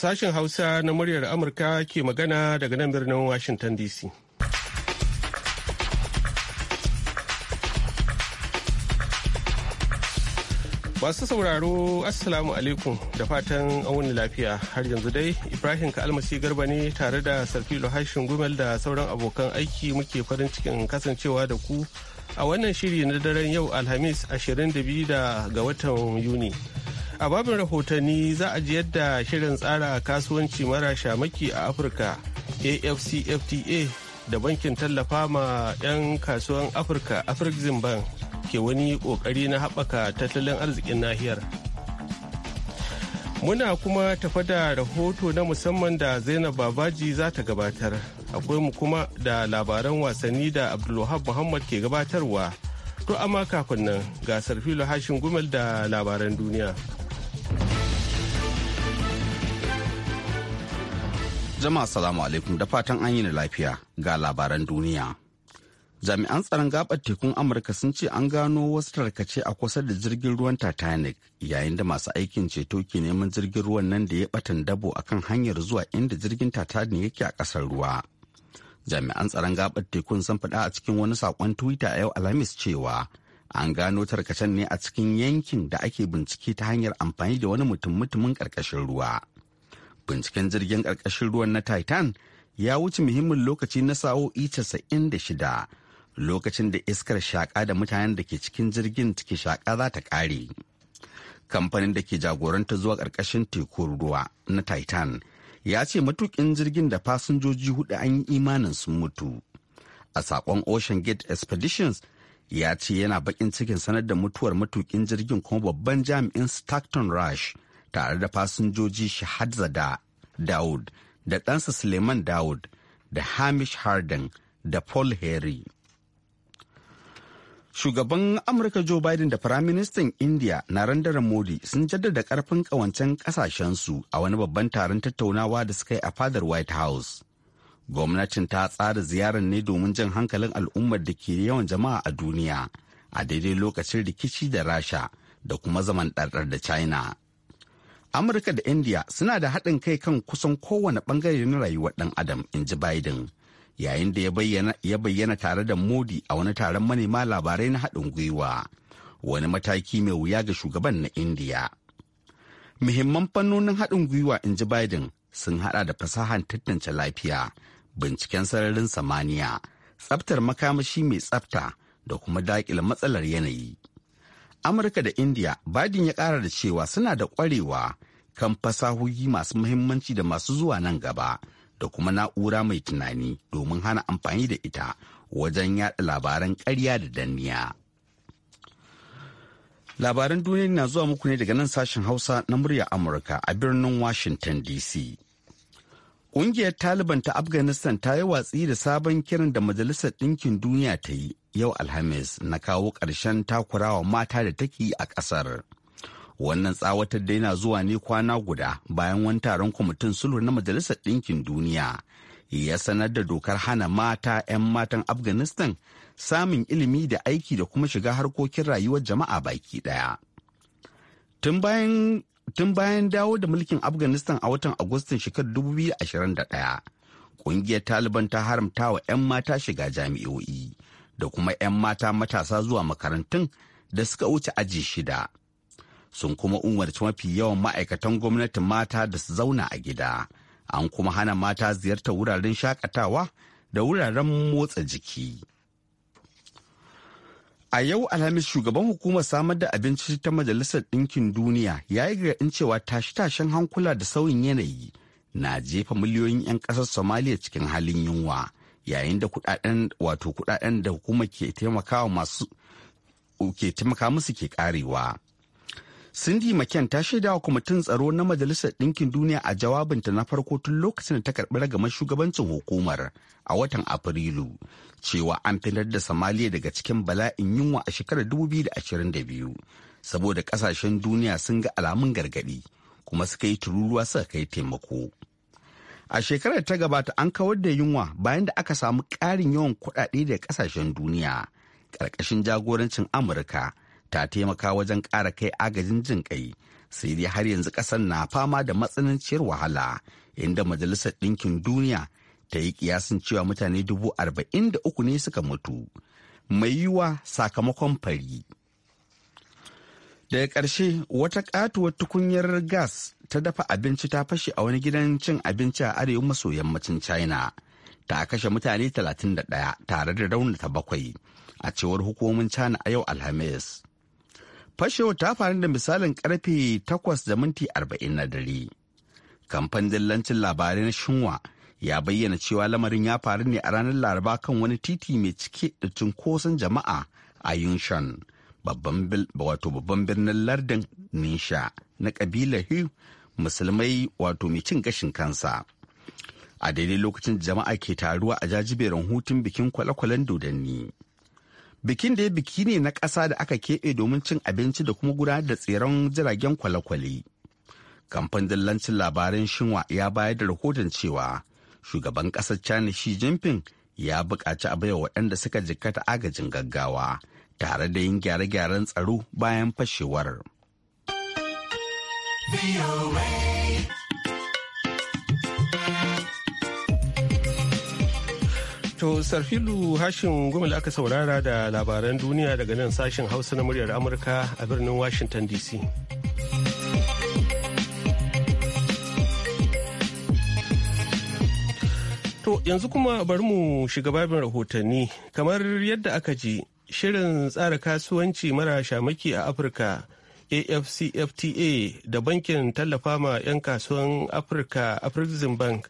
Sashen Hausa na muryar Amurka ke magana daga nan birnin Washington DC. Masu sauraro Assalamu alaikum da fatan an wani lafiya har yanzu dai Ibrahim Kalmasi Garba ne tare da Sarfilo Hashin Gumel da sauran abokan aiki muke farin cikin kasancewa da ku a wannan shiri na daren yau Alhamis 22 ga watan Yuni. A babin rahotanni za a ji yadda shirin tsara kasuwanci mara shamaki a Afirka AFCFTA da bankin tallafa ma 'yan kasuwan Afirka Afrexim Bank ke wani kokari na haɓaka tattalin arzikin nahiyar. Muna kuma tafa da rahoto na musamman da Zainab Babaji za ta gabatar. Akwai mu kuma da labaran wasanni da Abdulwahab Muhammad ke gabatarwa. To amma kafin nan gasar filo hashin gumel da labaran duniya. Jama'a salamu alaikum da fatan an yi lafiya ga labaran duniya. Jami'an tsaron gabar tekun Amurka sun ce an gano wasu tarkace a kusa da jirgin ruwan Titanic yayin da masu aikin ceto ke neman jirgin ruwan nan da ya batan dabo akan hanyar zuwa inda jirgin Titanic yake a kasar ruwa. Jami'an tsaron gabar tekun sun faɗa a cikin wani saƙon Twitter a yau Alhamis cewa an gano tarkacen ne a cikin yankin da ake bincike ta hanyar amfani da wani mutum-mutumin ƙarƙashin ruwa. binciken jirgin ƙarƙashin ruwan na titan ya wuce muhimmin lokaci na sa'o'i 96 lokacin da iskar shaƙa da mutanen da ke cikin jirgin take shaƙa za ta ƙare kamfanin da ke jagoranta zuwa ƙarƙashin tekun ruwa na titan ya ce matukin jirgin da fasinjoji hudu an yi imanin sun mutu a saƙon ocean gate expeditions ya ce yana bakin cikin sanar da mutuwar matukin jirgin kuma babban jami'in Stockton Rush tare da fasinjoji Shahadzada dawud da ɗansa Suleiman dawud da Hamish Harden da Paul Harry. Shugaban Amurka Joe Biden da Firaministan India Narendra Modi sun jaddada ƙarfin ƙawancen ƙasashensu a wani babban taron tattaunawa da suka yi a fadar White House. Gwamnatin ta tsara ziyarar ne domin jan hankalin al'ummar da ke yawan jama'a a duniya a daidai lokacin rikici da Rasha da kuma zaman ɗarɗar da China. amurka da india suna da haɗin kai kan kusan kowane ɓangare na rayuwar ɗan adam in ji biden yayin da ya bayyana tare da modi a wani taron manema labarai na haɗin gwiwa wani mataki mai wuya ga shugaban na indiya muhimman fannonin haɗin gwiwa in ji biden sun haɗa da fasahan tattance lafiya binciken sararin samaniya tsaftar makamashi mai tsafta da kuma daƙile matsalar yanayi amurka da india biden ya ƙara da cewa suna da ƙwarewa kan fasahohi masu muhimmanci da masu zuwa nan gaba da kuma na'ura mai tunani domin hana amfani da ita wajen yada labaran karya da danniya labaran duniya na zuwa muku ne daga nan sashen hausa na murya amurka a birnin washington dc Ƙungiyar Taliban ta Afghanistan ta yi watsi da sabon kiran da Majalisar Ɗinkin Duniya ta yi yau Alhamis na kawo ƙarshen takurawa mata da take a ƙasar. Wannan tsawatar da yana zuwa ne kwana guda bayan wani taron kwamitin sulhu na Majalisar Ɗinkin Duniya ya sanar da dokar hana mata 'yan matan Afghanistan samun ilimi da aiki da kuma shiga harkokin rayuwar jama'a baki ɗaya. Tun bayan tun bayan dawo da mulkin afghanistan a watan agustan shekarar 2021 kungiyar taliban ta haramta wa 'yan mata shiga jami'o'i da kuma 'yan mata matasa zuwa makarantun da suka wuce aji shida sun kuma umarci mafi yawan ma'aikatan gwamnati mata da su zauna a gida an kuma hana mata ziyartar wuraren shakatawa da wuraren motsa jiki A yau Alhamis shugaban hukumar samar da abinci ta Majalisar Ɗinkin Duniya ya yi gargaɗin cewa tashe-tashen hankula da sauyin yanayi na jefa miliyoyin 'yan ƙasar somaliya cikin halin yunwa yayin da kudaden wato kudaden da hukumar ke taimaka ke taimaka musu ke karewa. Cindy Maken ta shaida wa kwamitin tsaro na Majalisar Ɗinkin Duniya a jawabinta na farko tun lokacin da ta karɓi ragamar shugabancin hukumar a watan Afrilu cewa an fitar da Somalia daga cikin bala'in yunwa a shekarar 2022 saboda ƙasashen duniya sun ga alamun gargaɗi kuma suka yi tururuwa suka kai taimako. A shekarar ta gabata an kawar da yunwa bayan da aka samu ƙarin yawan kuɗaɗe daga ƙasashen duniya ƙarƙashin jagorancin Amurka ta taimaka wajen ƙara kai agajin jin ƙai sai dai har yanzu ƙasar na fama da matsananciyar wahala inda majalisar ɗinkin duniya ta yi kiyasin cewa mutane dubu arba'in da uku ne suka mutu mai yiwuwa sakamakon fari daga ƙarshe wata ƙatuwar tukunyar gas ta dafa abinci ta fashe a wani gidan cin abinci a arewa maso yammacin china ta kashe mutane 31 tare da raunata bakwai a cewar hukumomin china a yau alhamis Fashewar ta faru da misalin karfe 8 da minti 40 na dare. Kamfan dillancin labarai na Shinwa ya bayyana cewa lamarin ya faru ne a ranar Laraba kan wani titi mai cike da cunkoson jama'a a Yunshan, wato babban birnin lardin Nisha na kabilar Hu musulmai wato mai cin gashin kansa. A daidai lokacin jama'a ke taruwa a jajiberin hutun bikin kwale-kwalen dodanni. bikin da ya biki ne na ƙasa da aka keɓe domin cin abinci da kuma gudanar da tseren jiragen kwale-kwale kamfan dillancin labaran shinwa ya bayar da rahoton cewa shugaban ƙasar china shi jinping ya buƙaci a baiwa waɗanda suka jikkata agajin gaggawa tare da yin gyare-gyaren tsaro bayan fashewar. To Sarfilu goma da aka saurara da labaran duniya daga nan sashen Hausa na muryar Amurka a birnin Washington DC. To yanzu kuma bari mu shiga babin rahotanni kamar yadda aka ji shirin tsara kasuwanci mara shamaki a Afirka AFCFTA da bankin tallafa ma 'yan kasuwan Afirka Afrexim Bank.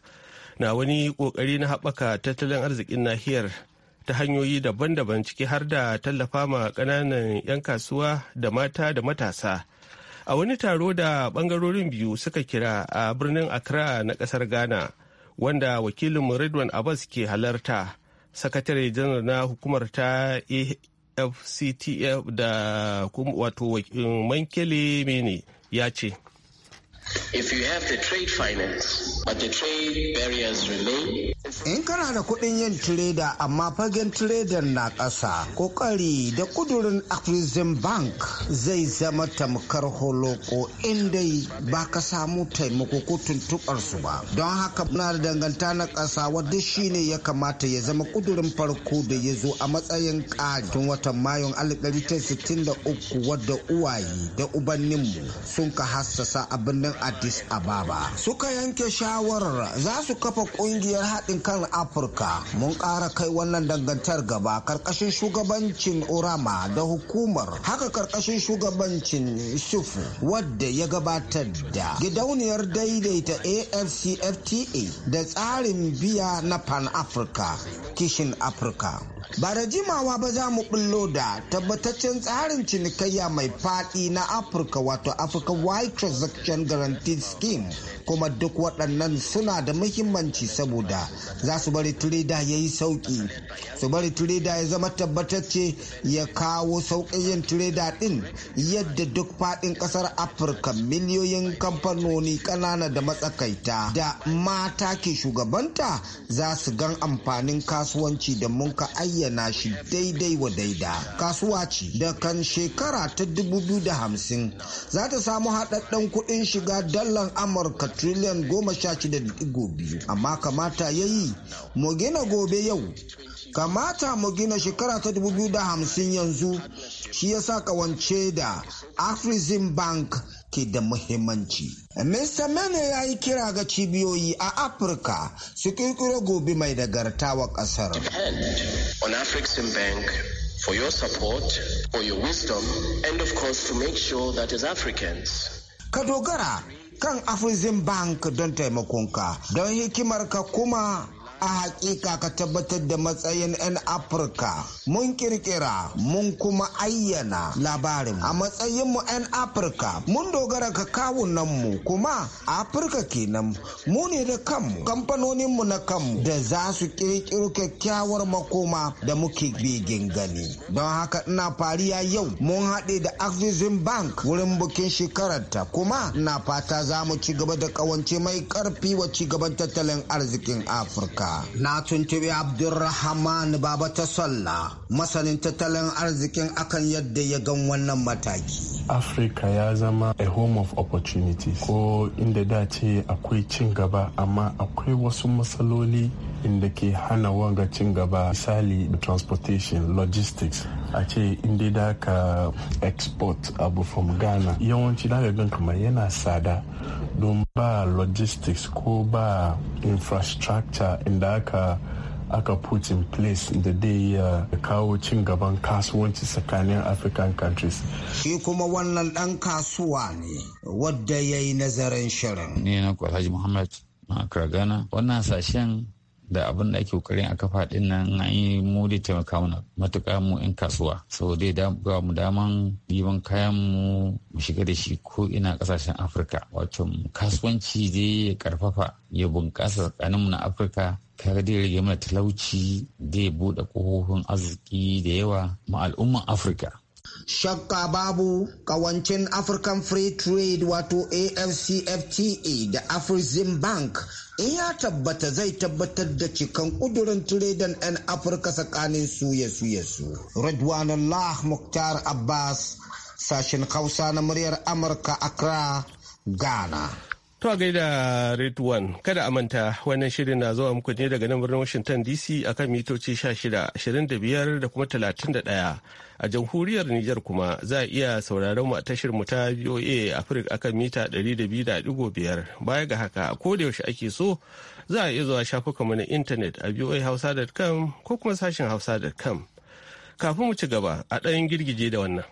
na wani kokari na haɓaka tattalin arzikin nahiyar ta hanyoyi daban-daban ciki har da tallafa ma ƙananan 'yan kasuwa da mata da matasa a wani taro da ɓangarorin biyu suka kira a birnin accra na ƙasar ghana wanda wakilin Ridwan abbas ke halarta sakatare janar na hukumar ta afctf da wato mankele mene ya ce If you have the trade finance, but the trade barriers remain. In kana da kudin yin tireda amma fagen trader na ƙasa, kokari da kudurin Afrizim Bank zai zama tamkar holoko inda ba ka samu taimako ko tuntuɓar ba. Don haka na da danganta na ƙasa wadda shi ne ya kamata ya zama kudurin farko da ya zo a matsayin Tun watan Mayun 1963 wadda uwaye da ubanninmu sun ka hassasa a birnin addis ababa suka yanke shawarar za su kafa kungiyar haɗin kan afirka mun ƙara kai wannan dangantar gaba ƙarƙashin shugabancin orama da hukumar haka ƙarƙashin shugabancin sufu wadda ya gabatar da gidauniyar daidaita afcfta da tsarin biya na pan africa kishin afirka Ba da jimawa ba za mu bullo da tabbataccen tsarin cinikayya mai faɗi na Afirka wato African White Transaction Guarantee Scheme kuma duk waɗannan suna da muhimmanci saboda za su bari tureda ya yi sauƙi. Su bari tureda ya zama tabbatacce ya kawo sauƙin yin tureda ɗin yadda duk faɗin ƙasar Afirka miliyoyin kamfanoni ƙanana da matsakaita da mata ke shugabanta za su gan amfanin kasuwanci da munka ai bayyana shi daidai wa daida kasuwa ce da kan shekara ta 2050 za ta samu haɗaɗɗen kuɗin shiga dalar amurka triliyan 16.2 amma kamata ya yi mu gina gobe yau kamata mu gina shekara ta 2050 yanzu shi ya sa kawance da afrizim bank ke da muhimmanci. Mr. Mene ya yi kira ga cibiyoyi a Afirka su kirkiro gobe mai dagartawa kasar. on African Bank for your support, for your wisdom, and of course to make sure that as Africans. Ka dogara kan Afrizin Bank don taimakonka, don hikimarka kuma a hakika ka tabbatar da matsayin 'yan afirka mun kirkira mun kuma ayyana labarin a matsayinmu 'yan afirka mun dogara ka kawunanmu kuma afirka kenan mu ne da kanmu kamfanoninmu na kanmu da za su kirkiro kyakkyawar makoma da muke bigin gani don haka ina fariya yau mun haɗe da axis bank wurin bukin shekararta kuma na fata za mu ci gaba da ƙawance mai karfi wa ci gaban tattalin arzikin afirka na tuntuɓi Abdulrahman Baba ta salla masanin tattalin arzikin akan yadda ya gan wannan mataki. Afirka ya zama a home of opportunities ko inda da ce akwai cin gaba amma akwai wasu matsaloli inda ke hana wanga cin gaba misali transportation logistics a ce inda da ka export abu from ghana yawanci da gan kamar yana sada don ba logistics ko ba infrastructure inda aka aka put in place da dai ya kawo cin gaban kasuwanci tsakanin african countries shi kuma wannan dan kasuwa ne wadda ya yi nazarin shirin ne na alhaji muhammad na ghana wannan sashen da abin da ake kokarin a kafa din nan an yi mu da taimaka mana matuƙa mu 'yan kasuwa saboda ya ga mu daman ɗiban kayan mu mu shiga da shi ko ina ƙasashen afirka wato kasuwanci zai ya karfafa ya bunƙasa tsakaninmu na afirka kaga dai rage mana talauci zai buɗe ƙofofin arziki da yawa ma al'umman afirka Shakka babu kawancin African Free Trade wato AFCFTA da Afrizim Bank in ya tabbata zai tabbatar da cikan kudurin tiredan 'yan afirka tsakanin su ya su ya muktar abbas sashen hausa na muryar amurka accra ghana To a gaida red one kada a manta wannan shirin na zuwa muku ne daga nan birnin Washington DC a kan mitoci 16, 25 da kuma 31. A jamhuriyar Nijar kuma za a iya sauraron mu a tashar mu ta VOA Africa a kan mita 200.5. Baya ga haka, ko da yaushe ake so za a iya zuwa shafukan mu na intanet a voahausa.com ko kuma sashin hausa.com. Kafin mu ci gaba, a ɗayan girgije da wannan.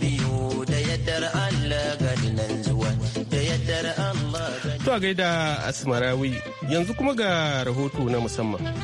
biyu da yaddar Allah yanzu kuma ga rahoto na musamman.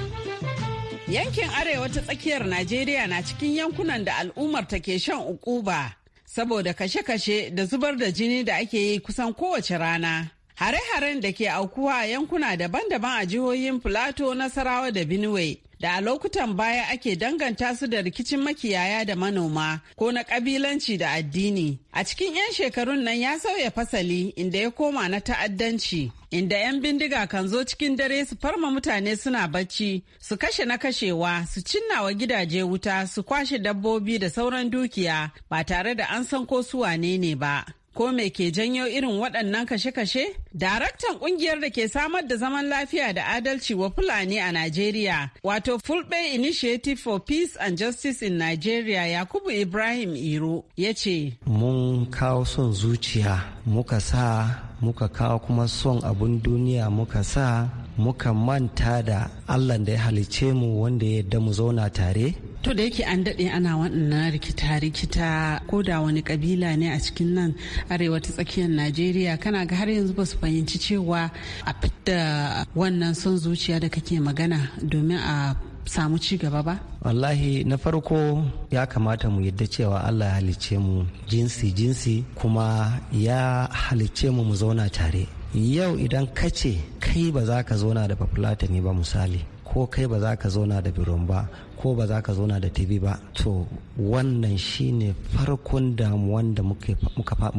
Yankin Arewa ta tsakiyar Najeriya na cikin yankunan da al'ummar ta ke shan ukuba saboda kashe-kashe da zubar da jini da ake yi kusan kowace rana. Hare-haren da ke aukuwa yankuna daban-daban a jihohin Filato, Nasarawa da Benue da a lokutan baya ake danganta su da rikicin makiyaya da manoma ko na kabilanci da addini. A cikin 'yan shekarun nan ya sauya fasali inda ya koma na ta'addanci. Inda 'yan bindiga kan zo cikin dare su farma mutane suna bacci, su kashe na kashewa, su cinna wa gidaje wuta, su kwashe dabbobi da sauran dukiya ba tare da an san ko su wane ne ba. Ko me ke janyo irin waɗannan kashe-kashe? Daraktan ƙungiyar da ke samar da zaman lafiya da adalci wa Fulani a Najeriya, wato Fulbe Initiative for Peace and Justice in Nigeria Yakubu Ibrahim Iro ya ce, Mun kawo son zuciya muka sa muka kawo kuma son abun duniya muka sa muka manta da Allah da ya halice mu wanda ya yarda mu zauna tare To da yake an daɗe ana waɗannan rikita-rikita ko da wani kabila ne a cikin nan arewa ta tsakiyar Najeriya kana ga har yanzu ba su fahimci cewa a fita wannan son zuciya da kake magana domin a samu ci gaba ba? Wallahi na farko ya kamata mu yadda cewa Allah ya halicce mu jinsi jinsi kuma ya halicce mu mu zauna tare. Yau idan kace kai ba za ka zauna da bafulatani ba misali. ko kai ba za ka zauna da biron ba ko ba za ka zauna da tv ba to wannan shine farkon damuwan da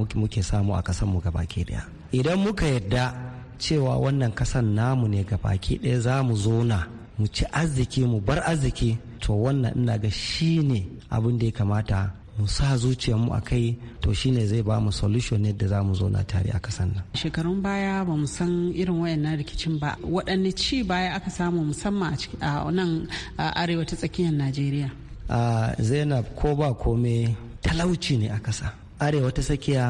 muke samu a kasanmu gabaki daya idan muka yadda cewa wannan kasan namu ne gabaki daya za mu zauna mu ci arziki mu bar arziki to wannan ina ga shine abin da ya kamata mu sa zuciyarmu a kai to shine zai ba mu solution yadda za mu zo na tare a kasan nan shekarun baya ba mu san irin wayannan rikicin ba waɗanne ci baya aka samu musamman a nan arewa ta tsakiyar najeriya zainab ko ba kome talauci ne a kasa arewa ta tsakiya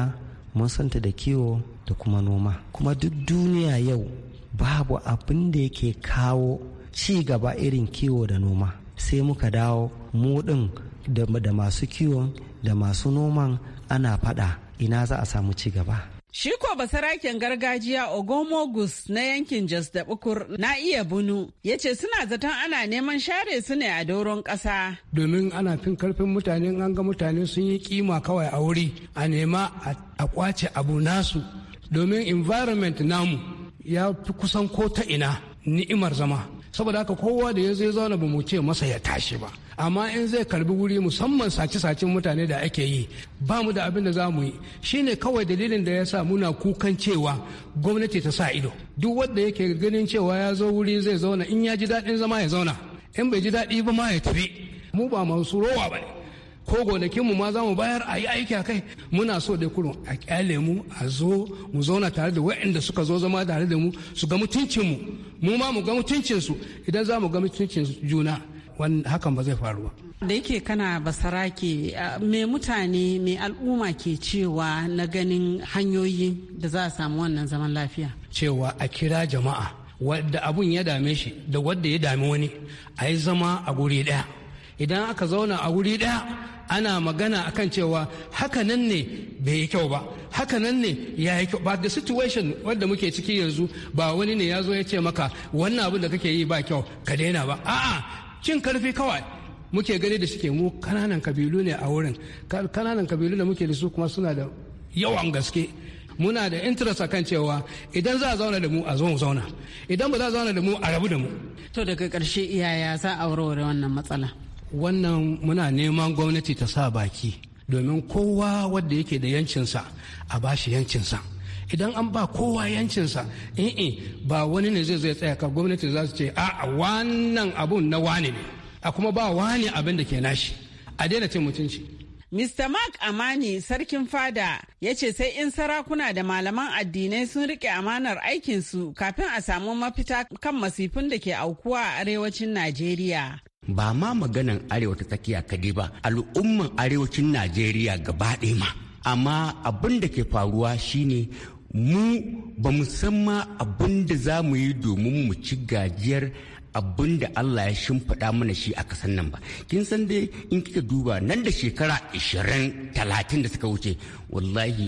mun santa da kiwo da kuma noma kuma duk duniya yau babu abin da yake kawo ci gaba irin kiwo da noma sai muka dawo mu din da masu kiwon da masu noman ana fada ina za a samu ci gaba. Shi ko basaraken gargajiya Ogomogus na yankin Jos da Bukur na iya bunu ya ce suna zaton ana neman share su ne a doron ƙasa. Domin ana fin karfin mutane an ga mutane sun yi kima kawai a wuri a nema a kwace abu nasu domin environment namu ya fi kusan ko ta ina ni'imar zama. saboda haka kowa da ya zai zauna ba mu ce masa ya tashi ba amma in zai karbi wuri musamman sace-sacen mutane da ake yi ba mu da abin da za mu yi shine kawai dalilin da ya sa muna kukan cewa gwamnati ta sa ido duk wanda yake ganin cewa ya zo wuri zai zauna in ya ji daɗin zama ya zauna in bai ji daɗi ba ma ya tafi mu ba masu rowa ba ne ko gonakinmu ma za mu bayar a yi aiki a kai muna so da kurun a kyale mu a zo mu zauna tare da waɗanda suka zo zama tare da mu su ga mutuncinmu mu ma mu ga mutuncinsu idan za mu ga mutuncin juna hakan ba zai faru ba. da yake kana basara ke mai mutane mai al'umma ke cewa na ganin hanyoyi da za a samu wannan zaman lafiya cewa a kira jama'a wadda abun ya dame shi da wadda ya dami wani a yi zama a guri daya idan aka zauna a wuri ɗaya ana magana a kan cewa haka nan ne bai yi kyau ba haka nan ne ya yi kyau ba da situation wanda muke ciki yanzu ba wani ne ya zo ya ce maka wannan abin da kake yi ba kyau ka daina ba a'a cin karfi kawai muke gani da suke mu kananan kabilu ne a wurin kananan kabilu da muke da su kuma suna da yawan gaske muna da interest akan cewa idan za a zauna da mu a zo zauna idan ba za a zauna da mu a rabu da mu to daga karshe iyaya za a warware wannan matsala wannan muna neman gwamnati ta sa baki domin kowa wadda yake da yancinsa a bashi yancinsa idan an ba kowa yancinsa eh ba wani ne zai zai tsaya ka gwamnati za su ce a wannan abun na wani ne a kuma ba wani abin da ke nashi a daina cin mutunci Mr. Mark Amani sarkin fada ya ce sai in sarakuna da malaman addinai sun rike amanar aikinsu kafin a samu mafita kan masifin da ke aukuwa a arewacin Najeriya. ba ma maganan arewa ta tsakiya kadai ba al'umman arewacin najeriya gaba ɗaya ma amma abin da ke faruwa shine mu ba mu san ma abin da za mu yi domin mu ci gajiyar abin da Allah ya shimfiɗa mana shi a kasan nan ba kin san dai in kika duba nan da shekara 20 talatin da suka wuce wallahi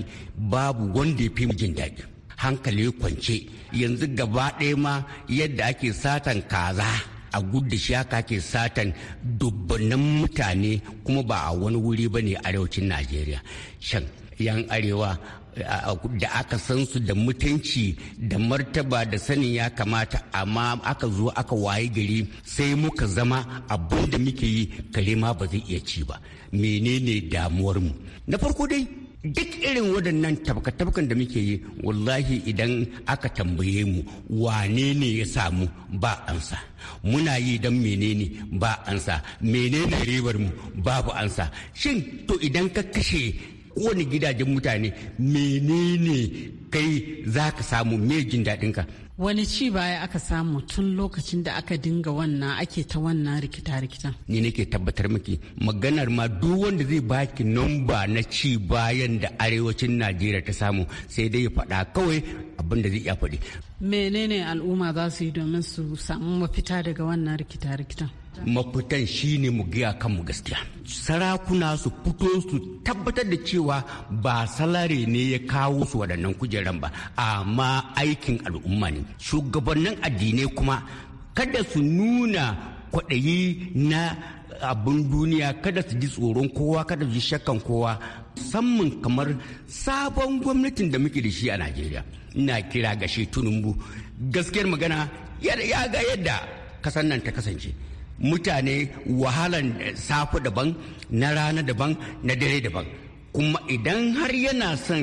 babu wanda ya fi mu jin daɗi hankali kwance yanzu gaba ɗaya ma yadda ake satan kaza a gudda shi haka ke satan dubbanan mutane kuma ba a wani wuri ba ne arewacin najeriya shan yan arewa da aka san su da mutunci da martaba da sanin ya kamata amma aka zo aka waye gari sai muka zama abin da muke yi kare ma ba zai iya ci ba menene mu na farko dai duk irin waɗannan tabka-tabkan da muke yi wallahi idan aka tambaye mu wane ne ya samu ba ansa muna yi don menene ba ansa menene ribar mu babu ansa shin to idan ka kashe kowane gidajen mutane menene kai za ka samu mai jin daɗinka wani ci baya aka samu tun lokacin da aka dinga wannan ake ta wannan rikita-rikitan ni nake tabbatar miki maganar ma duk wanda zai baki namba na ci bayan da arewacin najeriya ta samu sai dai ya faɗa kawai abin da zai iya faɗi menene al'umma za su yi domin su samu mafita daga wannan rikita-rikitan mafitan shine mu gaya kanmu gaskiya sarakuna su fito su tabbatar da cewa ba salari ne ya kawo su waɗannan kujeran ba amma aikin al'umma ne shugabannin addinai kuma kada su nuna kwaɗayi na abin duniya kada su ji tsoron kowa kada su ji shakkan kowa musamman kamar sabon gwamnatin da muke da shi a najeriya ina kira ga shi tunumbu gaskiyar magana ya ga yadda kasan nan ta kasance mutane wahalan eh, safe daban na rana daban na dare daban kuma idan har yana son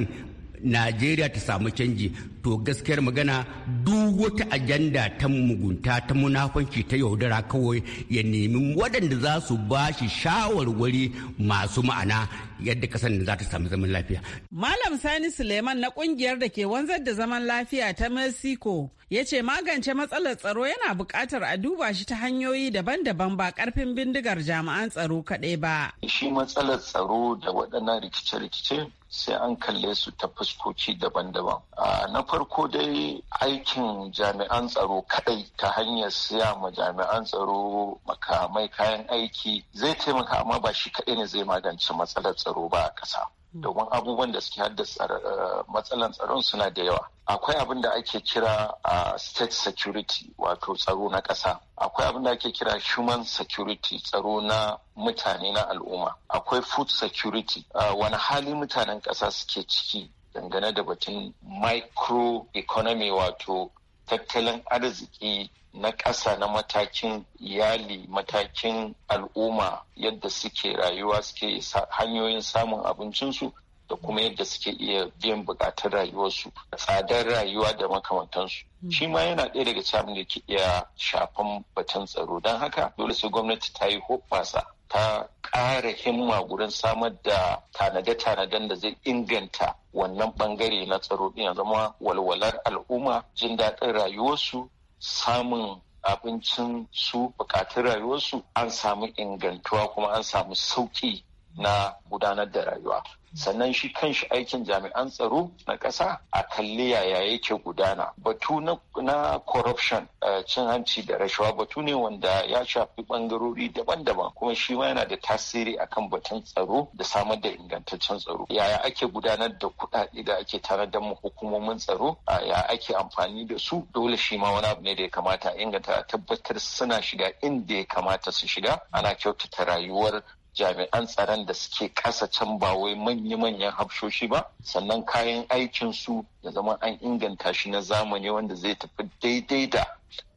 najeriya ta samu canji to gaskiyar magana duk wata ajanda ta mugunta ta munafanci ta yaudara kawai ya nemi waɗanda za su ba shi shawarwari masu ma'ana yadda kasan za ta samu zaman lafiya. Malam Sani Suleiman na kungiyar da ke wanzar da zaman lafiya ta Mexico ya ce magance matsalar tsaro yana buƙatar a duba shi ta hanyoyi daban-daban ba ƙarfin bindigar jami'an tsaro kaɗai ba. Shi matsalar tsaro da waɗannan rikice-rikice sai an kalle su ta fuskoki daban-daban. Ah, na farko dai aikin jami'an tsaro kadai ta hanyar siya ma jami'an tsaro makamai kayan aiki zai taimaka amma ba shi kadai ne zai magance matsalar tsaro ba a ƙasa. Hmm. domin abubuwan da suke haddasa eh, matsalar tsaron suna da yawa akwai abin da ake kira a ah, state security wato tsaro na ƙasa akwai abin da ake kira human security tsaro na mutane na al'umma akwai food security ah, wani hali mutanen ƙasa suke ciki dangane da batun microeconomy wato tattalin arziki na ƙasa na matakin iyali matakin al'umma yadda suke rayuwa suke hanyoyin samun abincinsu da kuma yadda suke iya biyan buƙatar rayuwarsu tsadar rayuwa da makamantansu hmm. shi ma yana ɗaya daga cikin da ke iya shafan batun tsaro don haka dole sai gwamnati ta yi hoɓɓasa ta ƙara himma gurin samar da tanade-tanaden da zai inganta wannan ɓangare na tsaro din ya zama walwalar al'umma jin daɗin rayuwarsu samun abincin su bukatun rayuwarsu an samu ingantuwa kuma an samu sauƙi na gudanar da rayuwa sannan shi kanshi aikin jami'an tsaro na ƙasa a kalli yaya yake gudana batu na corruption eh, cin hanci da rashawa batu ne wanda ya shafi ɓangarori daban-daban kuma shi ma yana da tasiri akan batun tsaro da samar da ingantaccen tsaro yaya ake gudanar da kuɗaɗe da ake tanadar mu hukumomin tsaro ya ake amfani da su dole shi ma wani abu ne da ya kamata a inganta a tabbatar suna shiga inda ya kamata su shiga ana kyautata rayuwar jami'an tsaron da suke ƙasa can ba wai manya-manyan hafshoshi ba sannan kayan aikin su ya zama an inganta shi na zamani wanda zai tafi daidai da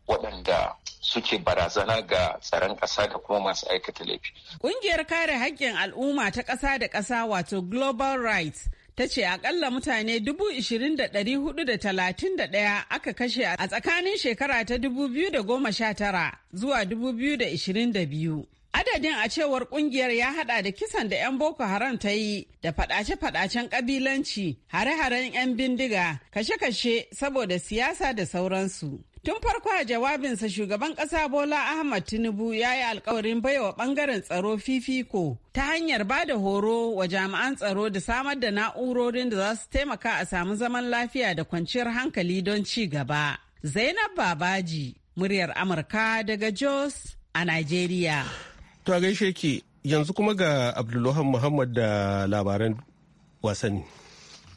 waɗanda suke barazana ga tsaron ƙasa da kuma masu aikata laifi. Ƙungiyar kare haƙƙin al'umma ta ƙasa da ƙasa wato Global Rights ta ce akalla mutane 20,431 aka kashe a tsakanin shekara ta 2019 zuwa 2022. Adadin a cewar kungiyar ya hada da kisan da 'yan Boko Haram ta yi da fadace-fadacen kabilanci, hare-haren 'yan bindiga, kashe-kashe saboda siyasa da sauransu. Tun farko a jawabinsa shugaban ƙasa Bola Ahmad Tinubu ya yi alkawarin baiwa ɓangaren tsaro fifiko ta hanyar ba da horo wa jami'an tsaro da samar da na'urorin da za su taimaka a samu zaman lafiya da kwanciyar hankali don ci gaba. Zainab Babaji, muryar Amurka daga Jos a Najeriya. To a gaishe ki yanzu kuma ga Abdullahi Muhammad da labaran wasanni.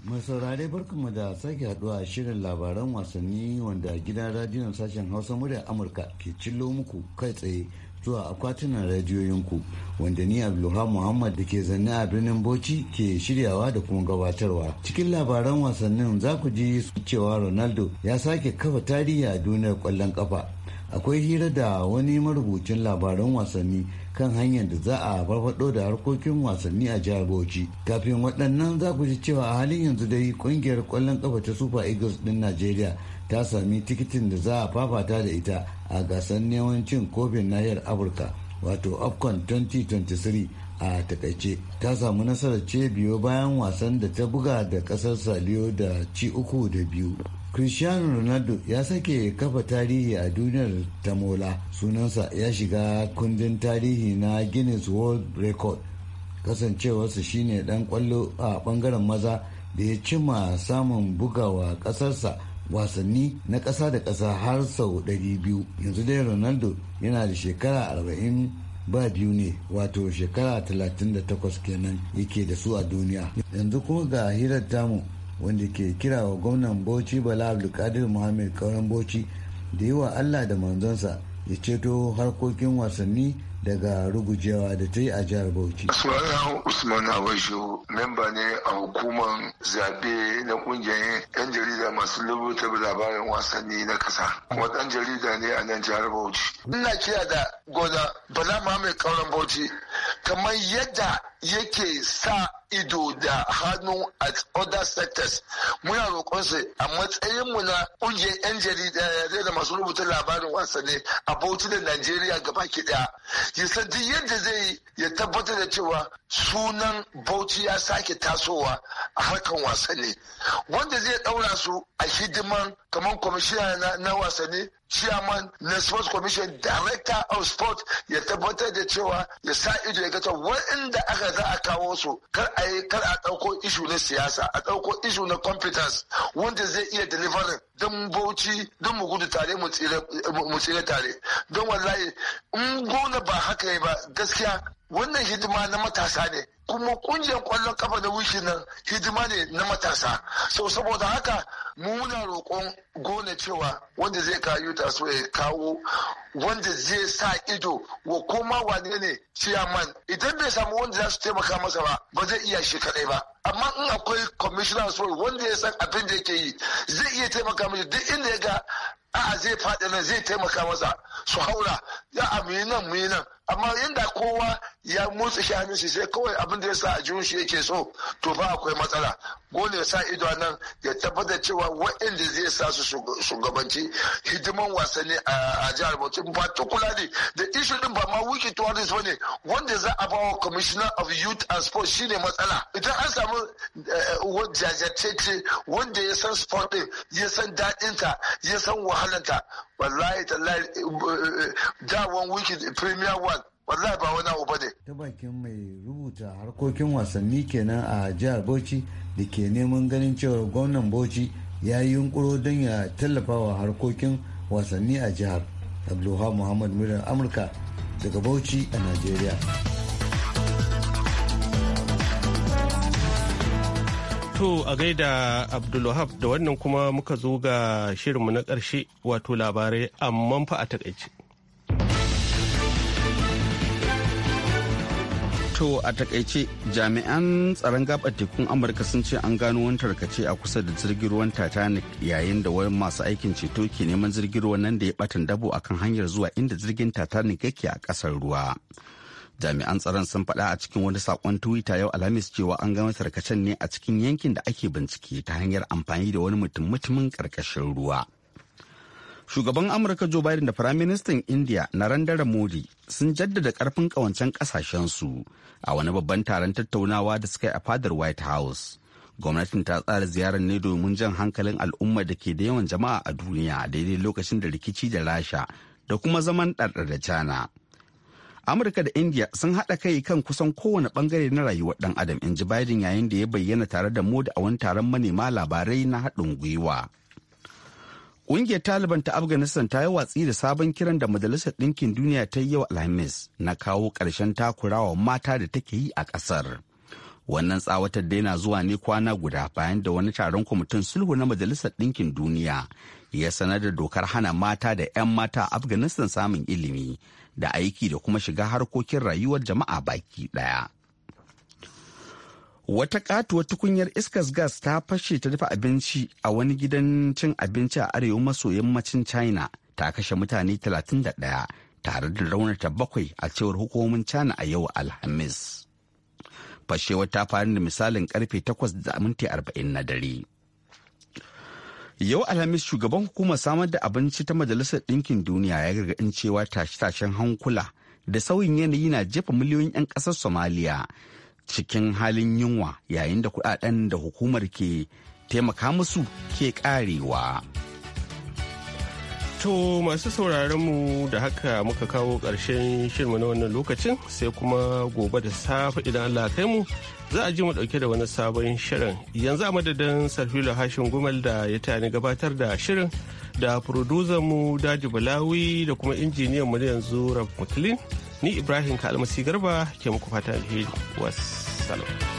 Mai saurare barkanmu da sake haduwa a shirin labaran wasanni wanda gidan radiyon sashen Hausa murya Amurka ke cillo muku kai tsaye zuwa akwatunan radiyoyinku wanda ni Abdullahi Muhammad da ke zanne a birnin Bauchi ke shiryawa da kuma gabatarwa. Cikin labaran wasannin za ku ji cewa Ronaldo ya sake kafa tarihi a duniyar kwallon kafa. Akwai hira da wani marubucin labaran wasanni kan hanyar da za a farfado da harkokin wasanni a jihar Bauchi. Kafin waɗannan za ku ji cewa a halin yanzu dai kungiyar ƙwallon ƙafa ta Super Eagles ɗin Najeriya ta sami tikitin da za a fafata da ita a gasar neman cin kofin nahiyar Afirka wato AFCON 2023 a takaice ta samu nasarar ce biyo bayan wasan da ta buga da ƙasar Saliyo da ci uku da biyu. cristiano ronaldo ya sake kafa tarihi a duniyar tamola sunansa ya shiga kundin tarihi na guinness world record kasancewarsa shine dan kwallo a bangaren maza da ya cima samun bugawa kasarsa wasanni na ƙasa da ƙasa har sau 200 yanzu dai ronaldo yana da shekara 40 ba biyu ne wato shekara 38 kenan yake da su a duniya yanzu kuma ga hirar tamu wanda ke kira wa gwamnan bauchi bala abdulkadir muhammad kauran bauchi da yi wa allah da manzonsa ya ceto harkokin wasanni daga rugujewa da ta yi a jihar Bauchi. Sunana Usman Abasho memba ne a hukumar zaɓe na ƙungiyar 'yan jarida masu rubuta labarin wasanni na ƙasa. Kuma ɗan jarida ne a nan jihar Bauchi. Ina kira da goda Bala Muhammad Kauran Bauchi kamar yadda yake sa ido da hannu a other sectors muna roƙon su a matsayin mu na ƙungiyar 'yan jarida da masu rubuta labarin wasanni a bautu da Najeriya gaba ki daya yasan duk yadda zai ya tabbatar da cewa sunan bauchi ya sake tasowa a harkan wasanni wanda zai daura su a hidiman kamar kwamishina na wasanni chairman na sports commission director of sport ya tabbatar da cewa ya sa ido ya gata waɗanda aka za a kawo su kar a yi kar a ɗauko ishu na siyasa a ɗauko ishu na competence wanda zai iya delivering don bauchi don mu gudu tare mu tsira tare don wallahi in gona ba haka ba gaskiya wannan hidima na matasa ne kuma kungiyar kwallon kafa da wishi nan hidima ne na matasa so saboda haka muna roƙon gona cewa wanda zai kawo ta so ya kawo wanda zai sa ido wa koma wane ne chairman idan bai samu wanda za su taimaka masa ba ba zai iya shi kadai ba amma in akwai commissioner so wanda ya san abin da yake yi zai iya taimaka mashi duk inda ya ga a'a zai faɗi nan zai taimaka masa su haura ya a muyi nan muyi nan amma inda kowa ya motsa shanun shi sai kawai abin da ya sa a jihun shi yake so to ba akwai matsala gole ya sa ido nan ya tabbatar cewa waɗanda zai sa su shugabanci hidiman wasanni a jihar Bauchi ba tukula ne da issue din ba ma wiki tuwaris ba ne wanda za a bawa commissioner of youth and sports shine matsala idan an samu eh, eh, jajirtacce wanda ya san sport din ya san daɗinta ya san wahala wahalanka wallahi tallahi da one week premier one wallahi ba wani abu ne. ta bakin mai rubuta harkokin wasanni kenan a jihar Bauchi da ke neman ganin cewa gwamnan Bauchi ya yi yunkuro don ya tallafa wa harkokin wasanni a jihar Abdulhamu Muhammad Muryar Amurka daga Bauchi a Najeriya. To a gaida Abdulwahab da wannan kuma muka zo ga shirinmu na ƙarshe wato labarai amman fa a takaice. To a takaice jami'an tsaron gabar tekun Amurka sun ce an gano wani tarkace a kusa da jirgin ruwan Titanic yayin da wani masu aikin ceto ke neman jirgin ruwan nan da ya batan dabo akan hanyar zuwa inda jirgin Titanic yake a ƙasar ruwa. jami'an tsaron sun faɗa a cikin wani saƙon twitter yau alhamis cewa an gama tarkacen ne a cikin yankin da ake bincike ta hanyar amfani da wani mutum mutumin karkashin ruwa shugaban amurka joe biden da firaministan india narendra modi sun jaddada karfin kawancen ƙawancen su a wani babban taron tattaunawa da suka yi a fadar white house gwamnatin ta tsara ziyarar ne domin jan hankalin al'umma da ke da yawan jama'a a duniya daidai lokacin da rikici da rasha da kuma zaman ɗarɗar da china amurka da india sun haɗa kai kan kusan kowane bangare na rayuwar ɗan adam in ji biden yayin da ya bayyana tare da modi a wani taron manema labarai na haɗin gwiwa ƙungiyar taliban ta afghanistan ta yi watsi da sabon kiran da majalisar ɗinkin duniya ta yi yau alhamis na kawo ƙarshen takurawa mata da take yi a ƙasar. wannan tsawatar daina zuwa ne kwana guda bayan da wani taron kwamitin sulhu na majalisar ɗinkin duniya ya sanar da dokar hana mata da 'yan mata a afghanistan samun ilimi da aiki da kuma shiga harkokin rayuwar jama'a baki ɗaya wata katuwar tukunyar iskas gas ta fashe ta dafa abinci a wani gidan cin abinci a arewa maso yammacin china ta kashe mutane 31 tare da raunata bakwai a cewar hukumomin china a yau alhamis fashewar ta faru da misalin karfe 8:40 na dare. Yau Alhamis shugaban hukumar samar da abinci ta Majalisar Ɗinkin Duniya ya gargaɗin cewa tashe-tashen hankula da sauyin yanayi na jefa miliyoyin 'yan ƙasar Somaliya cikin halin yunwa yayin da kuɗaɗen da hukumar ke taimaka musu ke ƙarewa. To masu sauraron mu da haka muka kawo ƙarshen shirma na wannan lokacin sai kuma gobe da safe idan Allah kai mu za a ji mu dauke da wani sabon shirin yanzu a madadin sarfilo hashin gumal da ya ni gabatar da shirin da producer mu daji balawi da kuma injiniyan mu na yanzu rab mclean ni ibrahim kalmasi garba ke muku fata alheri wassalam